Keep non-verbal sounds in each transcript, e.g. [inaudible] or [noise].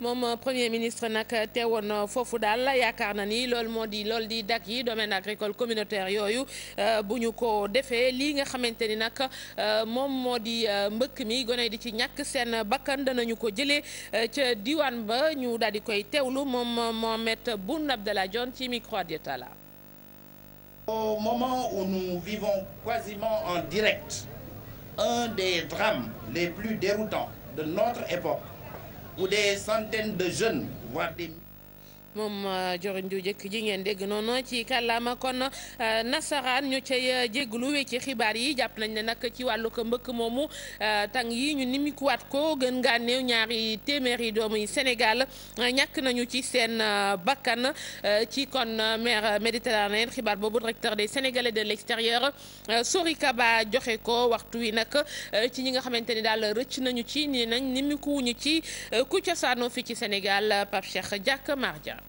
moom premier ministre nag teewoon foofu daal yaakaar na ni lool moo di lool di dak yi domaine agricole communautaire yooyu euh, bu ñu ko defee lii nga xamante ni nag euh, moom moo di euh, mbëkk mi gone di ci ñàkk seen bakkan danañu ko jëlee ca diwaan ba ñu daal di koy teewlu moom Mohamed Boun Abdallah Dionne ci micro Adiatala au moment où nous vivons quasiment en direct un des drames les plus déroutants de notre époque où des centaines de jeunes, voire des moom euh, joriñ ju jëkk ji ngeen dégg noonu ci kàllaama kon euh, nasaraan ñu cay euh, jégglu wee ci xibaar yi jàpp nañ ne nag ci wàllu ko mbëkk moomu tàng yi ñu nimikuwaat ko gën ngaa néew ñaari téeméeri doomu yi Sénégal ñàkk nañu ci seen bakkan ci kon mer Méditerranée xibaar boobu directeur des Sénégalais de l'extérieur Sori Kaba joxe ko waxtu wi nag ci ñi nga xamante ni daal rëcc nañu ci ni nañ nimikuwuñu ci ku cosaano fii ci Sénégal Pape Cheikh Marja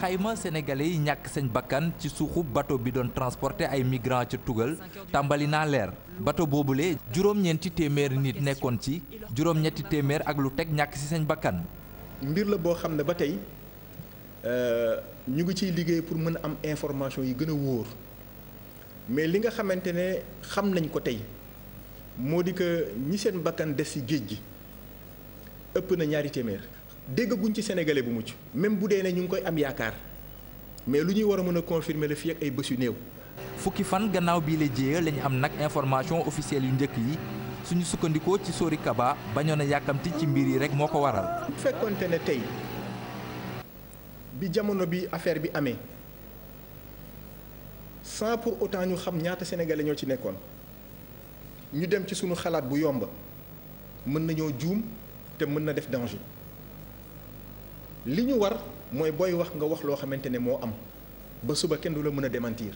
xayma sénégalais yi ñàkk seen bakkan ci suuxu bato bi doon transporter ay migrants ca tugal tàmbali na leer bato boobule juróom-ñeenti téeméer nit nekkoon ci juróom-ñetti téeméer ak lu teg ñàkk si sañ bakkan. mbir la boo xam ne ba tey euh, ñu ngi ciy liggéey pour mën a am information yi gën a wóor mais li nga xamante ne xam nañ ko tey moo di ko ñi seen bakkan def si géej gi ëpp na ñaari téeméer. déggaguñ ci sénégalais bu mucc même bu dee ne ñu ngi koy am yaakaar mais lu ñuy war a mën a confirmer la fii ak ay bés yu néew. fukki fan gannaaw bii la jéeya lañu am nag information officielle yu njëkk yi suñu sukkandikoo ci Sori Kaba bañoon a yàkkamti ci mbir yi rek moo ko waral. bu fekkonte ne tey bi jamono bi affaire bi amee sans pour autant ñu xam ñaata sénégalais ñoo ci nekkoon ñu dem ci suñu xalaat bu yomb mën nañoo juum te mën na def danger. li ñu war mooy booy wax nga wax loo xamante ne moo am ba suba kenn du la mën a démentir.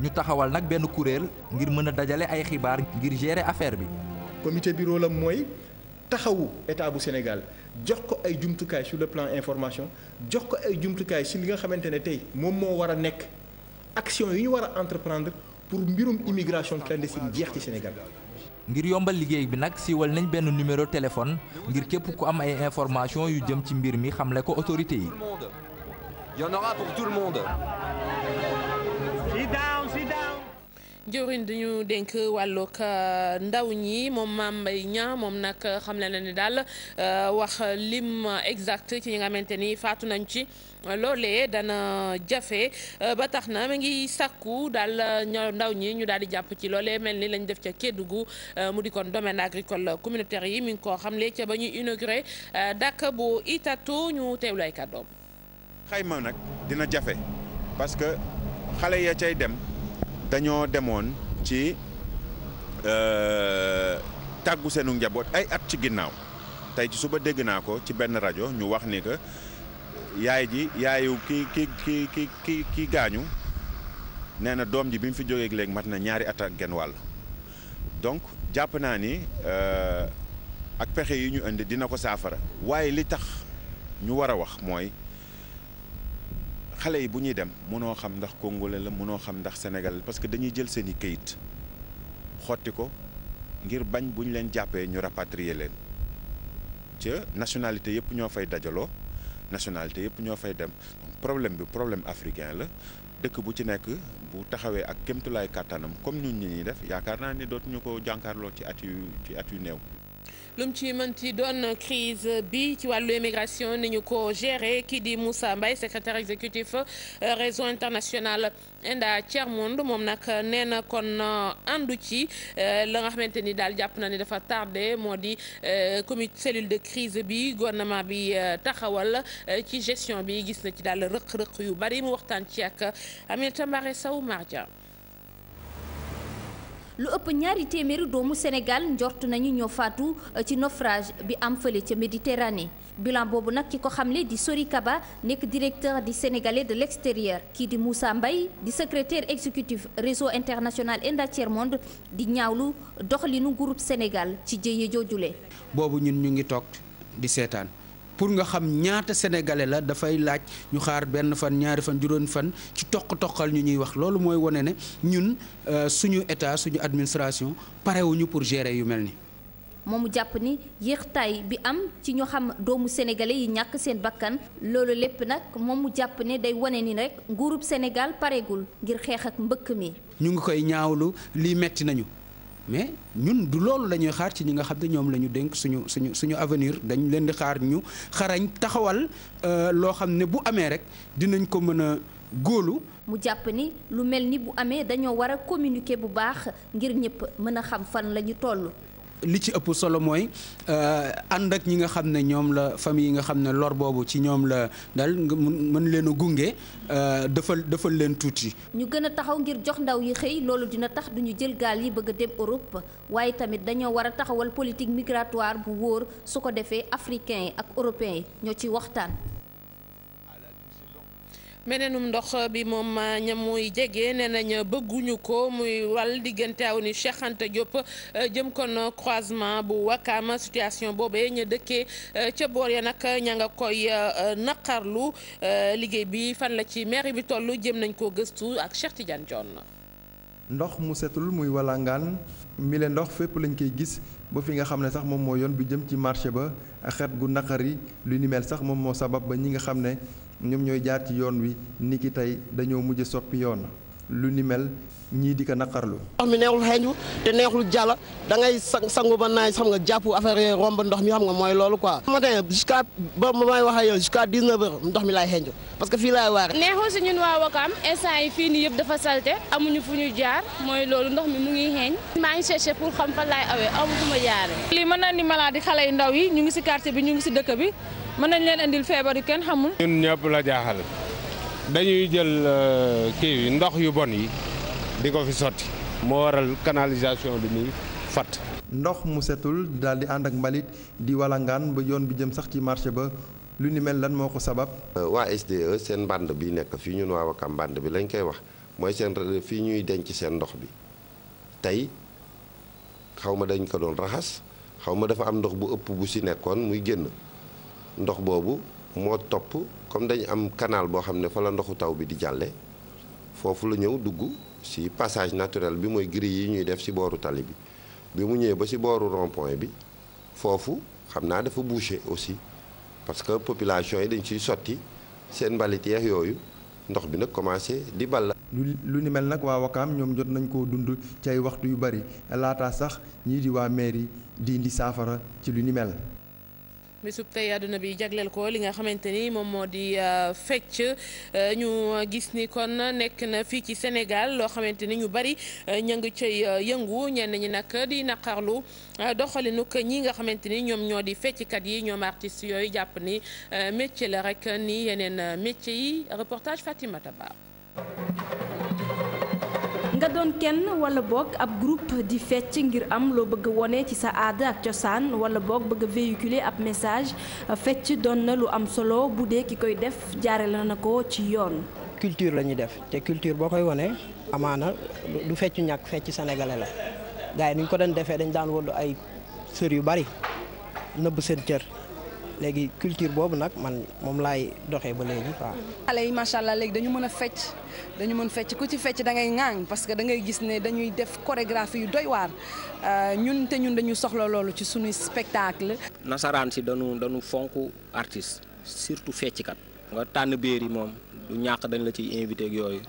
ñu taxawal nag benn kuréel ngir mën a dajale ay xibaar ngir gérer affaire bi. comité bureau la mooy taxawu état bu Sénégal jox ko ay jumtukaay sur le plan information jox ko ay jumtukaay si li nga xamante ne tey moom moo war a nekk action yi ñu war a entreprendre pour mbirum immigration clandestine jeex ci Sénégal. ngir yombal liggéey bi nag siiwal nañ benn numéro téléphone ngir képp ku am ay information yu jëm ci mbir mi xamle ko autorité yi. jëwriñ dañu dénk wàllug euh, ndaw ñi moom Mame Mbaye Niang moom nag xam na ne daal euh, wax lim exact ci ñi nga xamante ni faatu nañ ci loolee dana jafe euh, ba tax na mi ngi sàkku daal ño ndaw ñi ñu daal di jàpp ci loolee mel ni lañu def ca Kédougou mu di kon domaine agricole communautaire yi mi ngi koo xamle ca ba ñuy inauguré dàkk bu Itato ñu teewlu ay kàddoom xayma nag dina jafe parce que xale ya cay dem. dañoo demoon ci euh, tàggu seenu njaboot ay at ci ginnaaw tey ci suba dégg naa ko ci benn rajo ñu wax ni que yaay ji yaayu ki ki ki ki ki ki gaañu nee na doom ji bi mu fi jógee léegi mat na ñaari at ak genn wàll donc jàpp naa ni euh, ak pexe yi ñu indi dina ko saafara waaye li tax ñu war a wax mooy xale yi bu ñuy dem mënoo xam ndax congolais la mënoo xam ndax sénégalais parce que dañuy jël seeni i kayit xotti ko ngir bañ bu ñu leen jàppee ñu rapatrier leen ca nationalité yëpp ñoo fay dajaloo nationalité yëpp ñoo fay dem donc problème bi problème africain la dëkk bu ci nekk bu taxawee ak kémtulaay kàttanam comme ñu ñi ñuy def yaakaar naa ni dootuñu ko jànkaarloo ci at yu ci at yu néew lu mu ci mën ci doon crise bi ci wàllu immigration ni ñu ko géré kii di Moussa Mbaye secrétaire exécutif euh, réseau international Enda Tiers Monde moom nag nee na kon euh, àndu ci euh, la nga xamante ni daal jàpp na ni dafa tardé moo di comité cellule de crise bi gouvernement bi taxawal ci gestion bi gis na ci daal rëq-rëq yu bari mu waxtaan ci ak Aminata Mbaré saw Mardia lu ëpp ñaari téeméeri doomu Sénégal njort nañu ñoo faatu euh, ci nofrage bi am fële ca Méditerranée bilan boobu nag ki ko xamle di Sori Kaba nekk directeur di sénégalais de l'extérieur kii di Moussa mbay di secretaire exécutif réseau international Enda Tiers Monde di ñaawlu doxalinu groupe Sénégal ci jëye joojule boobu ñun ñu ngi toog di seetaan pour nga xam ñaata sénégalais la dafay laaj ñu xaar benn fan ñaari fan juróom fan ci toq-toqal ñu ñuy wax loolu mooy wane ne ñun euh, suñu état suñu administration parewuñu pour gérer yu mel ni moomu jàpp ni yéextaay bi am ci ñu xam doomu sénégalais yi ñàkk seen bakkan loolu lépp nag moom mu jàpp ne day wane ni rek nguurub Sénégal pareegul ngir xeex ak mbëkk mi. ñu ngi koy ñaawlu lii metti nañu. mais ñun du loolu la ñuy xaar ci ñi nga xam ne ñoom la ñu dénk suñu suñu suñu avenir dañ leen di xaar ñu xarañ taxawal euh, loo xam ne bu amee rek dinañ ko mën a góolu. mu jàpp ni lu mel ni bu amee dañoo war a communiquer bu baax ngir ñëpp mën a xam fan la ñu toll. li ci ëpp solo mooy euh, ànd ak ñi nga xam ne ñoom la famille yi nga xam ne lor boobu ci ñoom la dal mën leen a gunge euh, defal defal leen tuuti. ñu gën a taxaw ngir jox ndaw yi xëy loolu dina tax duñu jël gaal yi bëgg a dem Europe waaye tamit dañoo war a taxawal politique migratoire bu wóor su ko defee africains yi ak européens yi ñoo ci waxtaan. meneenum ndox bi moom ah, ñam muy jege nee nañ bëgguñu ko muy wal diggante aw ni Cheikh Diop ah, jëm kon croisement bu Wakaam situation boobee ña dëkkee ah, ca bool ya nag ña nga koy naqarlu liggéey bi fan la ci mairie bi toll jëm nañ koo gëstu ak Cheikh Tidiane Dione ndox mu setul muy walla mi le ndox fépp lañ koy gis ba fi nga xam ne sax moom moo yoon bi jëm ci marché ba xet gu naqari lu ni sax moom moo sabab ba ñi nga xam ne ñoom ñooy jaar ci yoon wi ni ki tey dañoo mujj soppi yoon lu ni mel ñii di ko naqarlu. ndox mi neexul xeeñu te neexul jàll da ngay sangu ba naaj xam nga jàpp affaire yooyu romb ndox mi xam nga mooy loolu quoi. matin jusqu'à wax ak yow ndox mi laay xeeñu parce que fii laay waar. neexul si ñun waa Wakaam instant yi fii nii yëpp dafa salte amuñu fu ñu jaar mooy loolu ndox mi mu ngi xeeñ. maa ngi cherché pour xam fan laay awee amu fu lii mën na ni malade xale yu ndaw yi ñu ngi si quartier bi ñu ngi si dëkk bi. mën nañ leen indil feebar yu kenn xamul. ñun ñëpp la jaaxal dañuy jël euh, kii yi ndox yu bon yi di ko fi sotti moo waral canalisation bi muy fatt ndox mu setul daal di ànd ak mbalit di walangaan ba yoon bi jëm sax ci marché ba lu ni mel lan moo ko sabab. Euh, waa SDE seen mbànd bi nekk fii ñun waa Wakam mbànd bi lañ koy wax mooy seen fii ñuy denc seen ndox bi tey xaw ma dañ ko doon raxas xaw ma dafa am ndox bu ëpp bu si nekkoon muy génn. ndox boobu moo topp comme dañu am kanaal boo xam ne fa la ndoxu taw bi di jàlle foofu la ñëw dugg ci passage naturel bi mooy grille yi ñuy def ci booru tali bi bi mu ñëwee ba ci booru rond bi foofu xam naa dafa bouché aussi parce que population yi dañ siy sotti seen mbalit yeex yooyu ndox bi nag commencé di ball. lu lu ni mel nag waa Wakaam ñoom jot nañ koo dund ci waxtu yu bari laata sax ñii di waa mairie di indi saafara ci lu ni mel. bisub tey àdduna bi jagleel ko li nga xamante ni moom moo di euh, fecc euh, ñu gis ni kon nekk na fii ci Sénégal loo xamante ni ñu bari euh, ña ngi cay yëngu ñenn ñi nag di naqarlu doxalinu ko ñi nga xamante ni ñoom ñoo di fecckat yi ñoom artistes yooyu jàpp ni métier la rek ni yeneen métier yi reportage Fatimata Ba nga doon kenn wala boog ab groupe di fecc ngir am loo bëgg a wone ci sa aada ak cosaan wala boog bëgg a véhiculer ab message euh, fecc doon na lu am solo bu dee ki koy def jaare la na ko ci yoon. culture la ñuy def te culture boo koy wone amaana du feccu ñàkk fecc sénégalais la gars yi ni ñu ko doon defee dañ daan woddu ay sër yu bari nëbb seen cër. léegi culture boobu nag man moom laay doxee ba léegi waaw. xale yi macha allah léegi dañu mën a fecc dañu mën fecc ku ci fecc da ngay ŋaang parce que da gis ne dañuy def chorégraphie yu doy waar euh, ñun te ñun dañu soxla loolu ci suñuy spectacle. nasaraan si dañu dañu fonk artiste surtout fecckat. nga tànn béer yi moom du ñàkk dañ la ciy invité yooyu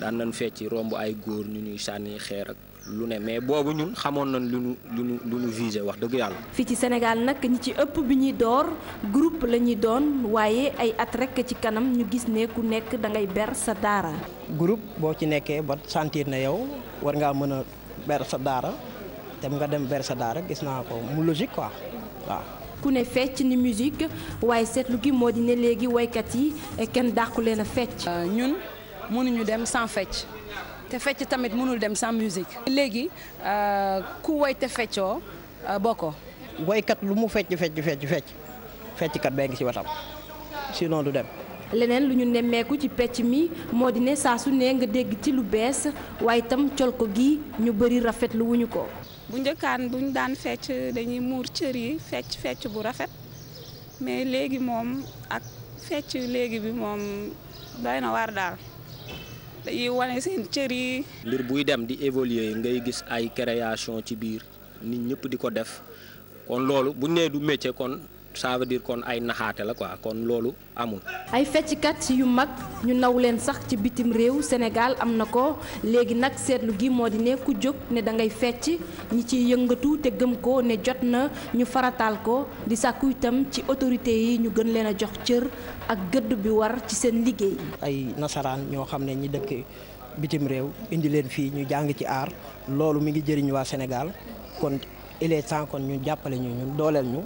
daan nañ fecc romb ay góor ñu ñuy sànni xeer ak. lu ne mais boobu ñun xamoon na lu ñu lu ñu lu ñu visé wax dëgg yàlla. fii ci Sénégal nag ñi ci ëpp bi ñuy door groupe la ñuy doon waaye ay at rek ci kanam ñu gis ne ku nekk dangay ber sa daara. groupe boo ci nekkee ba sentir na yow war ngaa mën a ber sa daara te nga dem ber sa daara gis naa ko mu logique quoi waaw. ku ne fecc ni musique waaye seetlu gi moo di ne léegi woykat yi kenn dàqu leen a fecc. Euh, ñun mënuñu dem sans fecc. te fecc tamit mënul dem sans musique léegi euh, ku woy te feccoo euh, bokkoo. woykat lu mu fecc fecc fecc fecc fecckat bee ngi ci watam sinon du dem. leneen lu ñu nemmeeku ci pecc mi moo di ne saa su ne nga dégg ci lu bees waaye itam col ko gi ñu bëri rafetlu wuñu ko. bu njëkkaan buñ daan fecc dañuy muur cër yi fecc fecc bu rafet mais léegi moom ak fecc léegi bi moom doy na waar daal. dañuy wane seen cër yi. mbir buy dem di évoluer ngay gis ay création ci biir nit ñëpp di ko def kon loolu bu nee du métier kon. ça veut kon ay naxaate la quoi kon loolu amul. ay fecckat yu mag ñu naw leen sax ci bitim réew senegal am na ko léegi nag seetlu gi moo di nekku jóg ne da ngay fecc ñi ci yëngatu te gëm ko ne jot na ñu farataal ko di sàkku itam ci autorité yi ñu gën leen a jox cër ak gëdd bi war ci seen liggéey. ay nasaraan ñoo xam ne ñi dëkk bitim réew indi leen fii ñu jàng ci aar loolu mu ngi jëriñ waa Sénégal kon il est temps ñu jàppale ñu ñun dooleel ñu.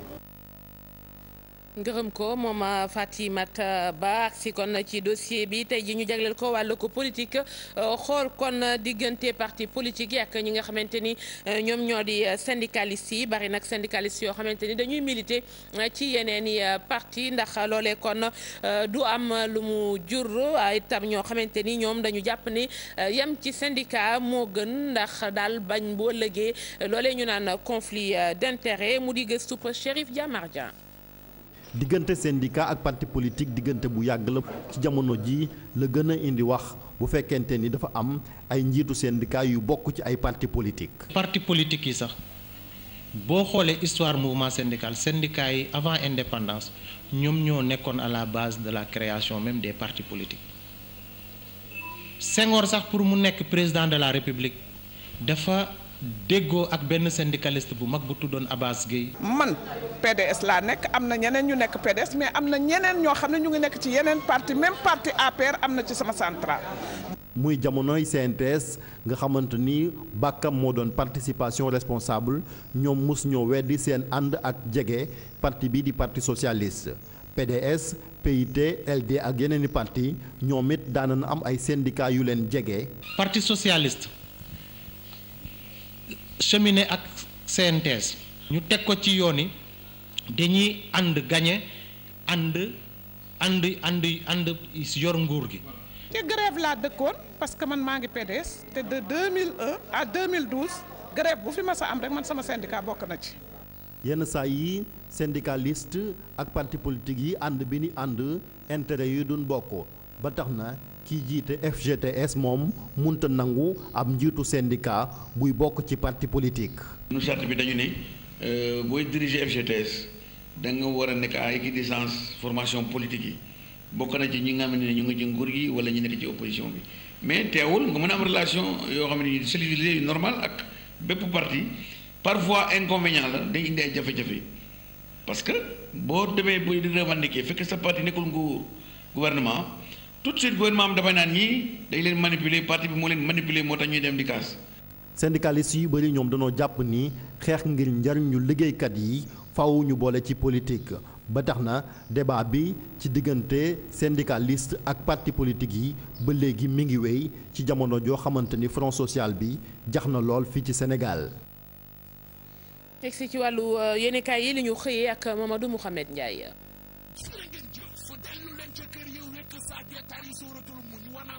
ngërëm ko moom euh, Fatimata Ba ak si kon ci dossier bi tey ji ñu jagleel ko wàll ko politique euh, xool kon diggante parti politique yi ñi nga xamante ni euh, ñoom ñoo di syndicaliste yi bari nag syndicaliste yoo xamante ni dañuy militer ci yeneen i parti ndax loole kon du am lu mu jur itam ñoo xamante ni ñoom dañu jàpp ni yem ci syndicat moo gën ndax daal bañ boo lëgee loolee ñu naan conflit d'intérêt mu di gëstu Chérif Diamardian diggante syndicat ak parti politique diggante bu yàgg la ci jamono ji la gën a indi wax bu fekkente ni dafa am ay njiitu syndicat yu bokk ci ay parti politique parti politique yi sax boo xoolee histoire mouvement syndical syndicat yi avant indépendance ñoom ñoo nekkoon à la base de la création même des parti politiques Senghor sax pour mu nekk président de la République dafa déggoo ak benn syndicaliste bu mag bu tuddoon Abbas Gueye. man PDS laa nekk am na ñeneen ñu nekk PDS mais am na ñeneen ñoo xam ne ñu ngi nekk ci yeneen parti même parti APR am na ci sama central. muy jamonoy CNTS nga xamante ni bàkkam moo doon participation responsable ñoom mos ñoo weddi seen ànd ak jege parti bi di parti socialiste. PDS PIT LD ak yeneen i parti ñoom it daan am ay syndicat yu leen jege. parti socialiste. cheminer ak CNTS ñu teg ko ci yoon yi dañuy ànd gañe ànd ànd ànd ànd yor nguur gi. ci grève laa dëkkoon parce que man maa ngi PDS te de 2001 à 2012 grève bu fi ma sa am rek man sama syndicat bokk na ci. yenn saa yi syndicaliste ak parti politique yi ànd bi ni ànd intérêt yi duñ bokk. ba tax na kii jiite FGTS moom munta nangu ab njiitu syndicat buy bokk ci parti politique. nu charte bi dañu ne euh, booy diriger FGTS da nga war a nekk à équidistance formation politique yi bokk na ci ñi nga xam ne ñu ngi ci nguur gi wala ñu nekk ci opposition bi mais teewul nga mën a am relation yoo xam ne civilisée yu normal ak bépp parti parfois inconvénient la dañ indi ay jafe-jafe parce que boo demee booy di revendiquer fekk sa parti nekkul nguur gouvernement. tout de suite gouvernement am dafay naan ñii dañ leen manipuler parti bi moo leen manipuler moo tax ñuy dem di kaas. syndicalistes yu bari ñoom dañoo jàpp ni xeex ngir njariñu liggéeykat yi faaw boole ci politique ba tax na débat bi ci diggante syndicaliste ak parti politique yi ba léegi mi ngi wéy ci jamono joo xamante ni front social bi jax na lool fii ci senegal teg si ci wàllu euh, yéenekaay yi li ñu xëyee ak Mamadou Mouhamed Ndiaye.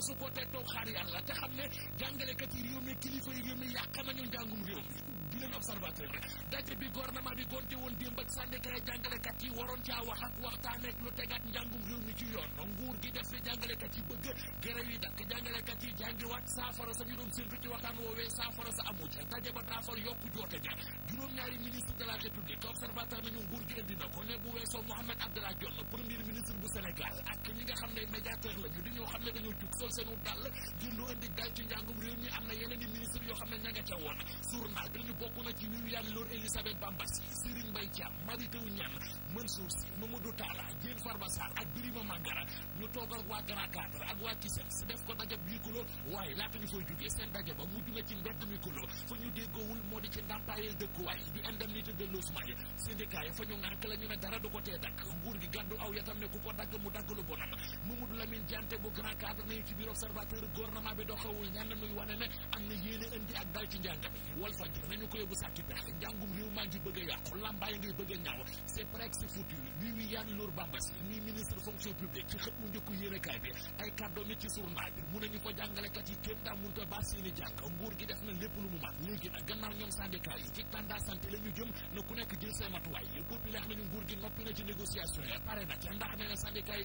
supporter toog xaar yàlla te xam ne jàngalekat yi réew mi kilifa yi réew mi yàq nañu njàngum réew mi leen observateur daje bi gouvernement bi gonte woon démb ak syndicat yi jàngalekat yi waroon caa wax waxtaaneek lu tegaat njàngum réew mi ci yoon nguur gi def jàngalekat yi bëgg gërëw yi dakk jàngalekat yi jàngiwaat saafara sa ñu doon séntu ci waxtaan woowee saafara sa amu daje ba daafal yokku joote ja juróom-ñaari ministre de république observateur nañu nguur gi indi na ko ne bu weesoo Mohamed Abdallah Dionne premier ministre bu Sénégal ak ñi nga xam ne médiateur bokk na ci ñu yàlla loon Elisabeth Bambassi Serigne Mbaye Thiam Mary Teuw Niane Mansour Sy Mamadou Talla Diène Farba Sarr ak Birima Mangara ñu toog ak e ko dajab bii kuloo waaye laata ñu fay jógee ba mujj na ci mbedd mi di ci ndàmpaayal dëkkuwaay di indemnité de logement yi syndicat yi fa ñu ŋànk la ñu ne ko tee dakk nguur gi gàddu aw yatam ne ku ko dagg mu dagg lu bonam Mamadou Lamine Diante bu Grand Cadre nañu ci biir observateur gouvernement bi doxawul ñenn nuy wane ne am na yéene indi ak dal ci njàngam yi wal nañu ko réew bu sàcc pexe njàngum réew maa ngi bëgg a yàqu lambaay ngay bëgg a ñaaw c'est presque foutu mi wi Yann Lour Bambassi mi ministre fonction publique ci xët mu njëkku bi ay kàddoom ci journal bi mu ne ñu fa jàngalekat yi kenn daa mënut seeni jàng nguur gi def na lépp lu mu mat léegi nag gannaaw ñoom syndicat yi ci tanda santé jëm na ku nekk jël say matuwaay yi populaire nañu nguur gi noppi na ci négociation yi pare na ca ndax nee na syndicat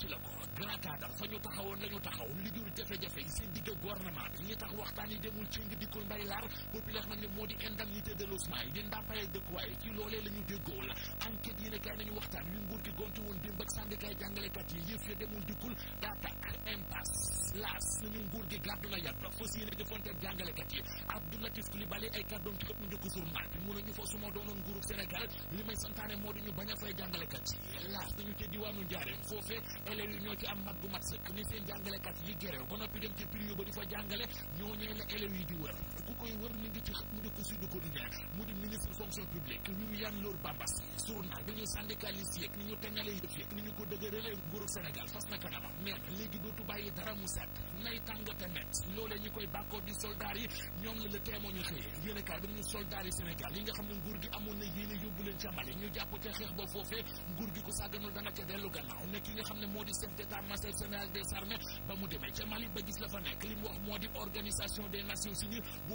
ci la ko grataatal fa ñu taxawoon la ñu taxaw li jafe-jafe yi seen digg gouvernement bi li tax waxtaan yi demul ci ngi dikkul mbay laar populaire nag ne moo di indemnité de logement yi di ndàmpaay dëkkuwaay ci loolee la ñu déggoo la enquête yi ne kay nañu waxtaan yu nguur gi gonti woon démb ak syndicat jàngalekat yi yëf ya demul dikkul daa takk impasse laas nañu nguur gi gàddu na yat ba fas yéene jëfante jàngalekat yi Abdou Latif Coulibaly ay kàddoom ci xëpp njëkk journal bi mu nañu fa su ma nguurug élèves yi ñoo ci am mat bu mat sëkk ni seen jàngalekat yi gerew ba noppi dem ci prix ba di jàngale ñoo ñee la yi di wër bu koy wër mi ngi ci xët mu di ko Sud Quotidien mu di ministre fonction publique ñun yan loor bambas journal bi ñuy syndicaliste ni ñu teñalee yëf yeeg ni ñu ko dëgëralee nguuru Sénégal fas na kanamam nee léegi dootu bàyyi dara mu set nay tàngate met loolee ñi koy bàkkoo di soldaar yi ñoom la le teemoo xëyee yéene bi ñu soldaar yi Sénégal yi nga xam ne nguur gi amoon na yéene yóbbu leen ca Mali ñu jàpp ca xeex ba foofee ne moo di chef d'état-major général des la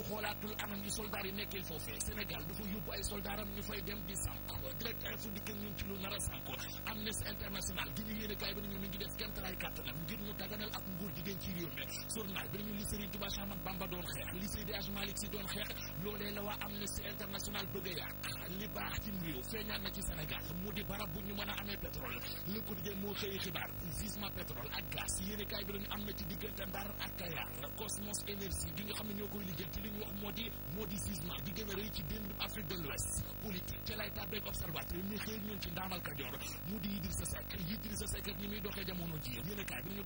xoolaatul anam yi soldaar yi nekkee foofee Sénégal dafa yóbbu ay soldaaram ñu fay dem di samp direct info di ñun ci lu nar a sànko Amnesty International gi ñu yéene kaay bi nañu mi ngi def kéemtalaay kàttanam ngir ñu daganal ak nguur jigéen ci réew mi journal bi nañu li Serigne Touba Cheikh Ahmadou Bamba doon xeex li Seydi Hadji Malick Sy doon xeex loolee la waa Amnesty International bëgg a yàq ah, li baax ci réew feeñaat na ci Sénégal mu di barab bu ñu mën a amee pétrole le quotidien moo xëy xibaar bi gisement pétrole ak gaz yéene bi lañu am na ci diggante Ndar ak Kayar Cosmos Énergie gi nga xam ne ñoo koy liggéenti li ñu wax moo di moo di gisement di gën a rëy ci dénd Afrique de l'Ouest politique ca lay tàbbeek observateur xëy ñun ci ndaamal Kajoor mu di Idrissa Seck Idrissa Seck ak ni muy doxee ji yéene kaay bi a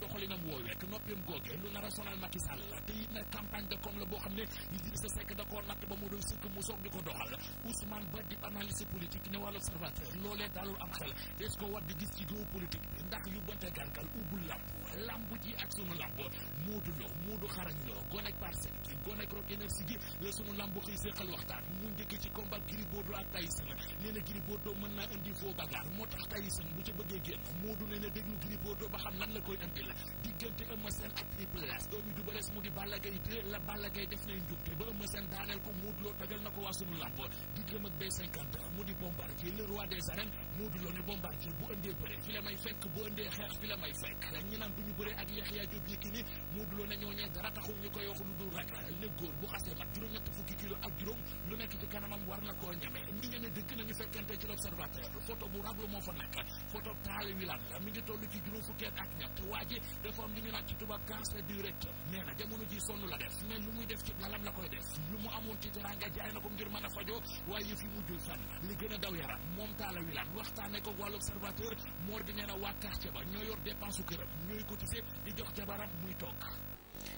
boo xam ne Idrissa Seck da natt ba mu doy sëkk mu soog di ko doxal Ousmane Ba di analyste politique ne waa l'observateur loolee dalul am xel des ko war di gis ci géopolitique bi ndax yóbbante gànkal ubbul làmb làmb ji ak sunu làmb Moodu Lo Moodu xarañ Lo gonek parcelle gi gonek rock énergie gi la sunu làmb xëy séqal waxtaan mu njëkk ci combat Gris Bordeaux ak Tyson nee na Gris Bordeaux mën naa indi faux bagarre moo tax Tyson bu ca bëggee génn Moodu nee na déglu Gris Bordeaux ba xam la koy indi la diggante Eumeu Sène la Balla Gaye def nay ko Modou Lo tajal na ko waa sunu làmb diggam ak B51 mu di bombardier le roi des arènes Modou Lo ne bombardier bu ëndee bëre fi la may fekk bu ëndee xeex fi la may fekk ñi naan bu ñu bëree ak Yaxya Jóob Yékini Modou Lo ne ñooñee dara taxul ñu koy wax lu dul ragal ne góor bu xasee mat juróom-ñett fukki kilo ak juróom lu nekk ci kanamam war na koo ñeme ñi ñeme dëgg nañu fekkante ci l'observateur photo bu raglu moo fa nekk photo taale ci teranga jaay na ko ngir mën a fajoo waaye yëf yi mujjul fenn li gën a daw yaram moom taala wilaan waxtaane ko wàllu observateur moor di nee na waa quartier ba ñoo yor dépense u këram ñooy cotiser di jox jabaram muy toog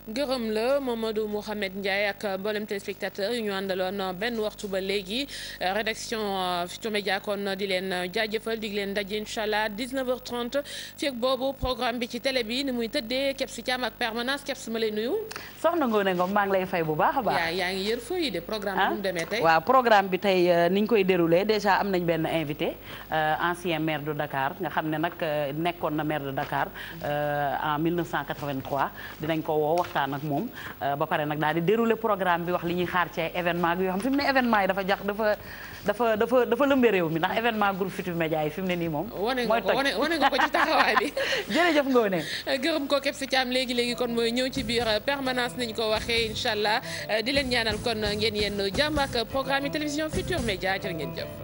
ngërëm la Mamadou Mouhamed Ndiaye ak mboolem téléspectateur yu ñu àndaloon benn waxtu ba léegi rédaction euh, Futurs Médias kon di leen jaajëfal di leen daje incha allah 19h30 boobu programme bi ci télé bi ni muy tëddee képp si caam ak permanence képp si ma lay nuyu. soxna Ngoné Ngom maa ngi lay fay bu baax a baax. yaa ngi yër feuille de programme bi ah? mu demee tey. waaw programme bi tey euh, ni ñu koy déroulé déjà am nañ benn invité euh, ancien maire de Dakar nga xam ne nag nekkoon na maire de Dakar en 1983 dinañ ko waxtaan ak moom euh, ba pare nag daal di dérouler programme bi wax li ñuy xaar ci événement bi yoo xam fi mu ne événement yi dafa jax dafa dafa dafa dafa lëmbe réew mi ndax événement groupe Futurs Médias yi fi mu ne nii moom mooy toj wane nga ko ci taxawaay [laughs] ko képp si caam léegi-léegi kon mooy ñëw ci biir euh, permanence niñ ko waxee incha allah euh, di leen ñaanal kon ngeen yen jàmm ak programme yi télévision Futurs Médias jërë ngeen jëf